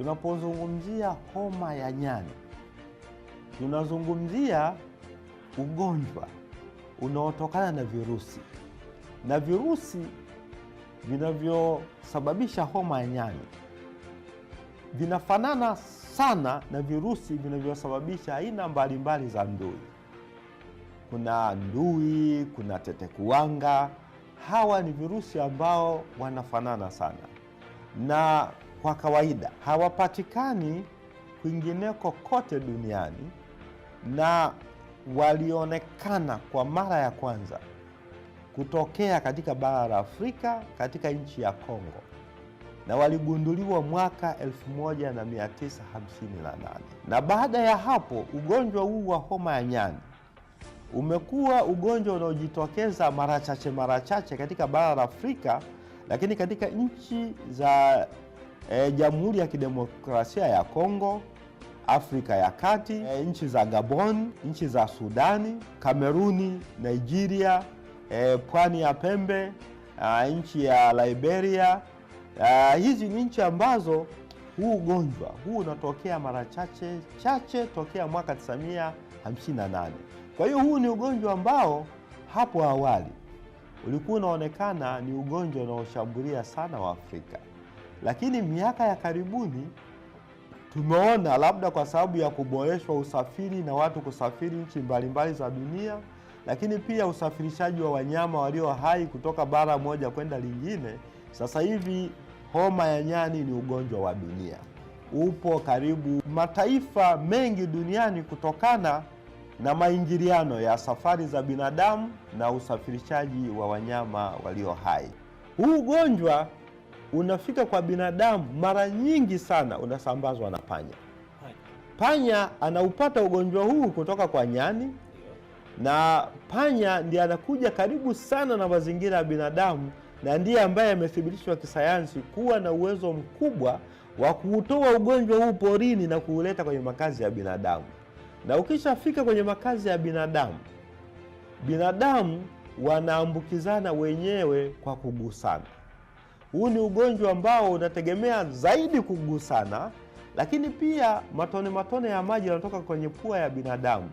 Tunapozungumzia homa ya nyani, tunazungumzia ugonjwa unaotokana na virusi, na virusi vinavyosababisha homa ya nyani vinafanana sana na virusi vinavyosababisha aina mbalimbali za ndui. Kuna ndui, kuna tetekuwanga. Hawa ni virusi ambao wanafanana sana na kwa kawaida hawapatikani kwingineko kote duniani na walionekana kwa mara ya kwanza kutokea katika bara la Afrika katika nchi ya Kongo na waligunduliwa mwaka 1958 na baada ya hapo, ugonjwa huu wa homa ya nyani umekuwa ugonjwa unaojitokeza mara chache mara chache katika bara la Afrika, lakini katika nchi za e, Jamhuri ya Kidemokrasia ya Kongo, Afrika ya Kati, e, nchi za Gabon, nchi za Sudani, Kameruni, Nigeria, e, pwani ya pembe, a, ah, nchi ya Liberia. A, ah, hizi ni nchi ambazo huu ugonjwa huu unatokea mara chache chache tokea mwaka 1958. Kwa hiyo huu ni ugonjwa ambao hapo awali ulikuwa unaonekana ni ugonjwa unaoshambulia sana Waafrika. Lakini miaka ya karibuni tumeona labda kwa sababu ya kuboreshwa usafiri na watu kusafiri nchi mbalimbali za dunia, lakini pia usafirishaji wa wanyama walio hai kutoka bara moja kwenda lingine. Sasa hivi homa ya nyani ni ugonjwa wa dunia, upo karibu mataifa mengi duniani kutokana na maingiliano ya safari za binadamu na usafirishaji wa wanyama walio hai. Huu ugonjwa unafika kwa binadamu, mara nyingi sana unasambazwa na panya. Panya anaupata ugonjwa huu kutoka kwa nyani, na panya ndiye anakuja karibu sana na mazingira ya binadamu, na ndiye ambaye amethibitishwa kisayansi kuwa na uwezo mkubwa wa kuutoa ugonjwa huu porini na kuuleta kwenye makazi ya binadamu. Na ukishafika kwenye makazi ya binadamu, binadamu wanaambukizana wenyewe kwa kugusana. Huu ni ugonjwa ambao unategemea zaidi kugusana, lakini pia matone matone ya maji yanatoka kwenye pua ya binadamu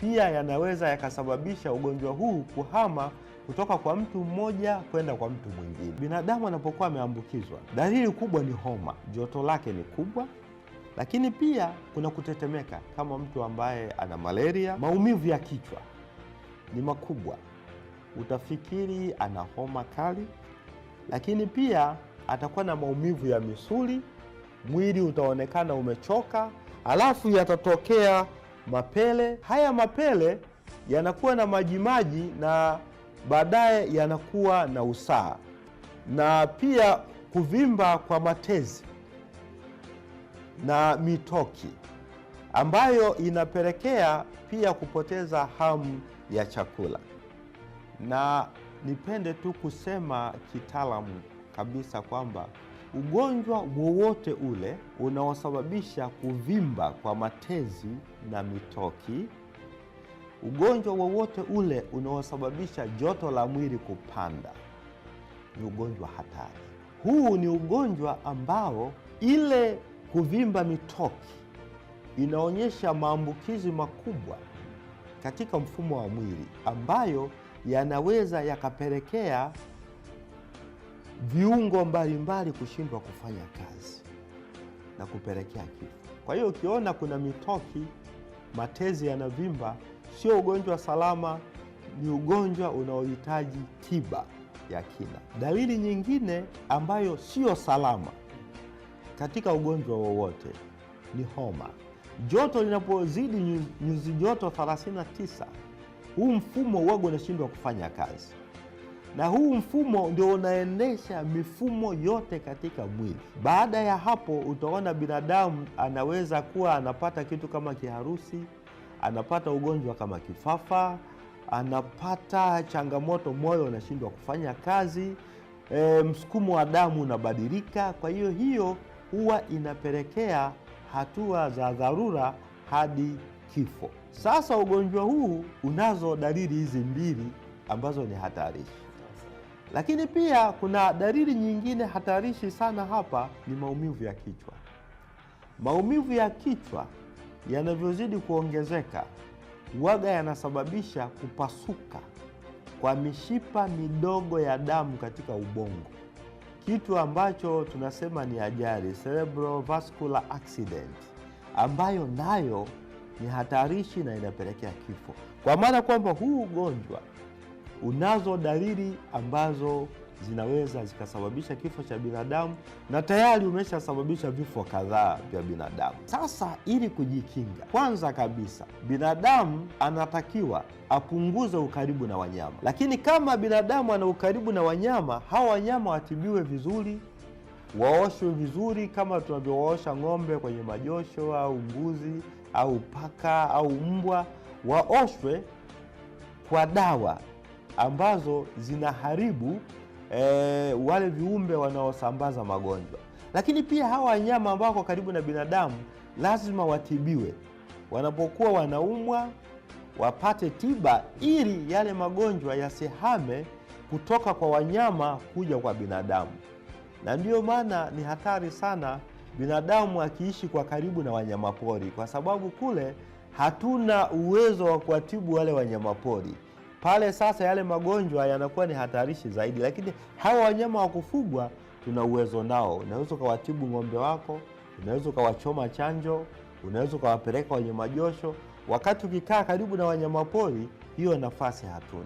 pia yanaweza yakasababisha ugonjwa huu kuhama kutoka kwa mtu mmoja kwenda kwa mtu mwingine. Binadamu anapokuwa ameambukizwa, dalili kubwa ni homa, joto lake ni kubwa, lakini pia kuna kutetemeka kama mtu ambaye ana malaria. Maumivu ya kichwa ni makubwa, utafikiri ana homa kali, lakini pia atakuwa na maumivu ya misuli, mwili utaonekana umechoka, alafu yatatokea mapele. Haya mapele yanakuwa na majimaji na baadaye yanakuwa na usaha na pia kuvimba kwa matezi na mitoki ambayo inapelekea pia kupoteza hamu ya chakula na nipende tu kusema kitaalamu kabisa kwamba ugonjwa wowote ule unaosababisha kuvimba kwa matezi na mitoki, ugonjwa wowote ule unaosababisha joto la mwili kupanda ni ugonjwa hatari. Huu ni ugonjwa ambao ile kuvimba mitoki inaonyesha maambukizi makubwa katika mfumo wa mwili ambayo yanaweza yakapelekea viungo mbalimbali kushindwa kufanya kazi na kupelekea kifo. Kwa hiyo ukiona kuna mitoki, matezi yanavimba, sio ugonjwa salama, ni ugonjwa unaohitaji tiba ya kina. Dalili nyingine ambayo sio salama katika ugonjwa wowote ni homa. Joto linapozidi nyuzi joto 39 huu mfumo uwaga unashindwa kufanya kazi, na huu mfumo ndio unaendesha mifumo yote katika mwili. Baada ya hapo, utaona binadamu anaweza kuwa anapata kitu kama kiharusi, anapata ugonjwa kama kifafa, anapata changamoto, moyo unashindwa kufanya kazi, e, msukumo wa damu unabadilika. Kwa hiyo hiyo huwa inapelekea hatua za dharura hadi kifo. Sasa ugonjwa huu unazo dalili hizi mbili ambazo ni hatarishi, lakini pia kuna dalili nyingine hatarishi sana hapa ni maumivu ya kichwa. Maumivu ya kichwa yanavyozidi kuongezeka, waga yanasababisha kupasuka kwa mishipa midogo ya damu katika ubongo, kitu ambacho tunasema ni ajali, cerebrovascular accident, ambayo nayo ni hatarishi na inapelekea kifo, kwa maana kwamba huu ugonjwa unazo dalili ambazo zinaweza zikasababisha kifo cha binadamu na tayari umeshasababisha vifo kadhaa vya binadamu. Sasa, ili kujikinga, kwanza kabisa binadamu anatakiwa apunguze ukaribu na wanyama, lakini kama binadamu ana ukaribu na wanyama, hawa wanyama watibiwe vizuri, waoshwe vizuri kama tunavyowaosha ng'ombe kwenye majosho au mbuzi au paka au mbwa waoshwe kwa dawa ambazo zinaharibu e, wale viumbe wanaosambaza magonjwa. Lakini pia hawa wanyama ambao wako karibu na binadamu lazima watibiwe, wanapokuwa wanaumwa wapate tiba ili yale magonjwa yasihame kutoka kwa wanyama kuja kwa binadamu, na ndiyo maana ni hatari sana binadamu akiishi kwa karibu na wanyamapori, kwa sababu kule hatuna uwezo wa kuwatibu wale wanyamapori pale. Sasa yale magonjwa yanakuwa ni hatarishi zaidi, lakini hawa wanyama wa kufugwa tuna uwezo nao. Unaweza ukawatibu ng'ombe wako, unaweza ukawachoma chanjo, unaweza ukawapeleka wenye majosho. Wakati ukikaa karibu na wanyamapori, hiyo nafasi hatuna.